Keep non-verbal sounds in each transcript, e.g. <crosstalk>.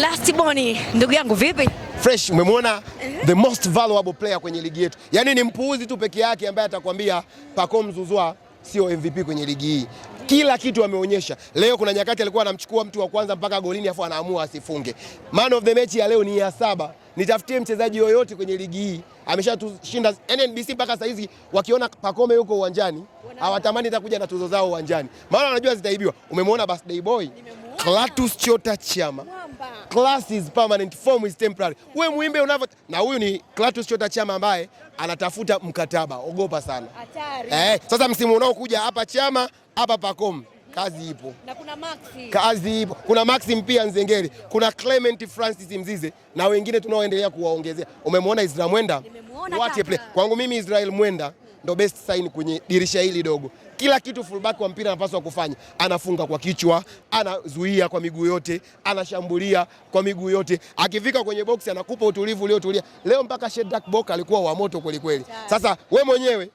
Last Boni, ndugu yangu vipi? Fresh, umemwona the most valuable player kwenye ligi yetu. Yaani ni mpuuzi tu peke yake ambaye atakwambia Pacome Zouzoua sio MVP kwenye ligi hii. Kila kitu ameonyesha leo. Kuna nyakati alikuwa anamchukua mtu wa kwanza mpaka golini, afu anaamua asifunge. Man of the match ya leo ni ya saba. Nitafutie mchezaji yoyote kwenye ligi hii, ameshatushinda NBC mpaka sasa hizi. Wakiona Pacome yuko uwanjani hawatamani takuja na tuzo zao uwanjani, maana wanajua zitaibiwa. Umemwona birthday boy Clatus Chota Chama. Class is permanent, form is temporary. Wewe muimbe unavyo na huyu ni Clatus Chota Chama ambaye anatafuta mkataba. Ogopa sana. Hatari. Eh, sasa msimu unaokuja hapa Chama, hapa pakom Kazi ipo. Na kuna Maxi. Kazi ipo. Kuna Maxi Mpia Nzengeli, kuna Clement Francis Mzize na wengine tunaoendelea kuwaongezea. Umemwona Israel Mwenda? Nimemuona. Kwangu mimi Israel Mwenda ndo best sign kwenye dirisha hili dogo kila kitu fullback wa mpira anapaswa kufanya. Anafunga kwa kichwa, anazuia kwa miguu yote, anashambulia kwa miguu yote. Akifika kwenye box anakupa utulivu uliotulia. Leo mpaka Shedrack Boka alikuwa wa moto kweli kweli. Sasa we mwenyewe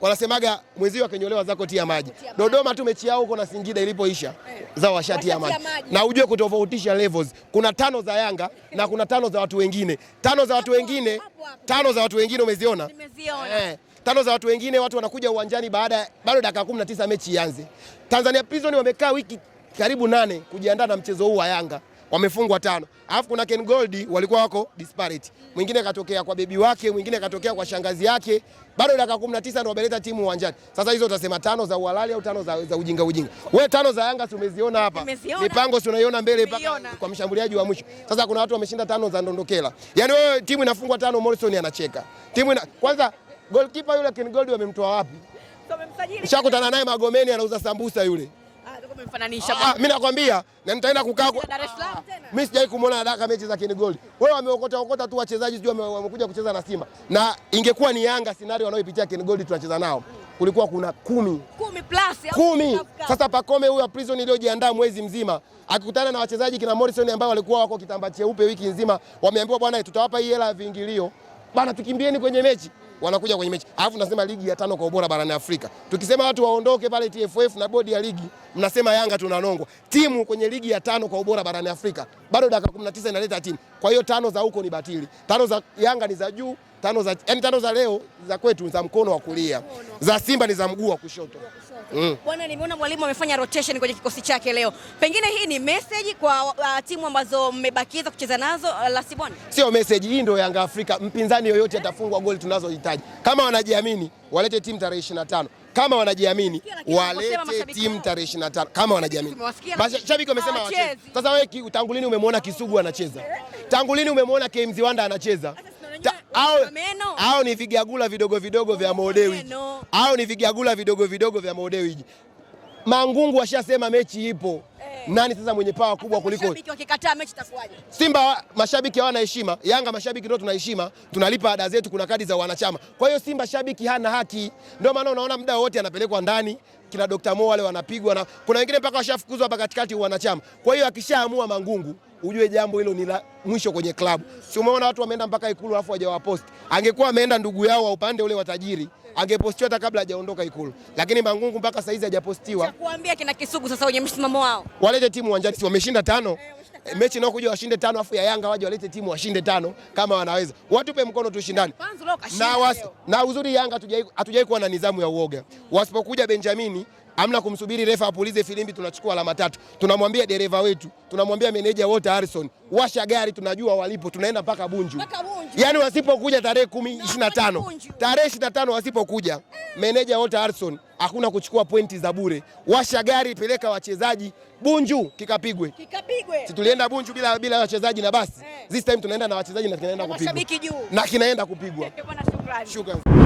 wanasemaga mwenzio akinyolewa zako tia maji. Dodoma tu mechi yao huko na Singida ilipoisha eh. za washatia maji, na ujue kutofautisha levels. Kuna tano za Yanga na kuna tano za watu wengine, tano za watu wengine, tano za watu wengine umeziona? Nimeziona. Eh tano za watu wengine, watu wanakuja uwanjani baada bado dakika 19 mechi ianze. Tanzania Prison wamekaa wiki karibu nane kujiandaa na mchezo huu wa Yanga wamefungwa tano. Alafu kuna Ken Gold walikuwa wako disparity, Mwingine katokea kwa bebi wake, mwingine katokea kwa shangazi yake. Bado dakika 19 ndo wameleta timu uwanjani. Sasa hizo utasema tano za uhalali au tano za, za ujinga ujinga. We tano za Yanga tumeziona hapa. Mipango si unaiona mbele mpaka kwa mshambuliaji wa mwisho. Sasa kuna watu wameshinda tano za ndondokela. Yaani wewe timu inafungwa tano Morrison anacheka. Timu ina, kwanza Goalkeeper yule Ken Gold wamemtoa wapi? Nishakutana naye Magomeni anauza sambusa yule. Ah, ah, mimi nakwambia na nitaenda kukaa kwa Dar es Salaam tena. Mimi sijai kumuona Daka mechi za Ken Gold. Wao wameokota okota tu wachezaji sio wamekuja kucheza na Simba. Na ingekuwa ni Yanga scenario wanaoipitia Ken Gold tunacheza nao. Kulikuwa kuna kumi. Kumi plus. ya Kumi. Sasa Pakome huyo prison iliyojiandaa mwezi mzima akikutana na wachezaji kina Morrison ambao walikuwa wako kitambaa cheupe wiki nzima, wameambiwa bwana, tutawapa hii hela ya viingilio bana, tukimbieni kwenye mechi wanakuja kwenye mechi. Alafu nasema ligi ya tano kwa ubora barani Afrika. Tukisema watu waondoke pale TFF na bodi ya ligi, mnasema Yanga tunanongwa. Timu kwenye ligi ya tano kwa ubora barani Afrika bado dakika 19 inaleta timu kwa hiyo tano za huko ni batili, tano za Yanga ni za juu, tano za yani, tano za leo za kwetu za mkono wa kulia, za Simba ni za mguu wa kushoto. Mm. nimeona mwalimu amefanya rotation kwenye kikosi chake leo, pengine hii ni message kwa uh, timu ambazo mmebakiza kucheza nazo uh, la Sibon. Sio message hii, ndio Yanga Afrika, mpinzani yoyote atafungwa goli tunazohitaji. Kama wanajiamini walete timu tarehe 25 kama wanajiamini walete timu tarehe 25 kama wanajiamini. Mashabiki wamesema wacheze. Sasa wewe tangu lini umemwona Kisugu anacheza? Tangu lini umemwona KMZ Wanda anacheza? Hao ni vigagula vidogo vidogo vya Modewi. Hao ni vigagula vidogo vidogo vya Modewiji. Mangungu washasema mechi ipo nani sasa mwenye pawa kubwa kuliko mashabiki wakikataa mechi itakuwaje? Simba mashabiki hawana heshima, Yanga mashabiki ndio tuna heshima, tunalipa ada zetu, kuna kadi za wanachama. Kwa hiyo Simba shabiki hana haki, ndio maana unaona muda wote anapelekwa ndani kina Dr. Mo wale wanapigwa na kuna wengine mpaka washafukuzwa hapa katikati wanachama. Kwa hiyo akishaamua Mangungu ujue jambo hilo ni la mwisho kwenye klabu. Si umeona watu wameenda mpaka Ikulu alafu hawajawapost. Angekuwa ameenda ndugu yao wa upande ule wa tajiri, angepostiwa hata kabla hajaondoka Ikulu, lakini Mangungu mpaka saizi hajapostiwa. Nakuambia kina Kisugu sasa wenye msimamo wao walete timu uwanjani, wameshinda tano eh, mechi nao kuja washinde tano, afu ya Yanga waje walete timu washinde tano kama wanaweza, watupe mkono tushindane na, na uzuri Yanga hatujai kuwa na nidhamu ya uoga. Wasipokuja Benjamini Amna kumsubiri refa apulize filimbi, tunachukua alama tatu. Tunamwambia dereva wetu, tunamwambia meneja wote Harrison, washa gari, tunajua walipo, tunaenda mpaka Bunju. Yaani wasipokuja tarehe 10 25, tarehe 25 wasipokuja, meneja wote Harrison, hakuna kuchukua pointi za bure. Washa gari, peleka wachezaji Bunju, kikapigwe. Kikapigwe. Si tulienda Bunju bila bila wachezaji na basi. Eh. This time tunaenda na wachezaji na kinaenda kupigwa. Na kinaenda kupigwa. <laughs> Shukrani.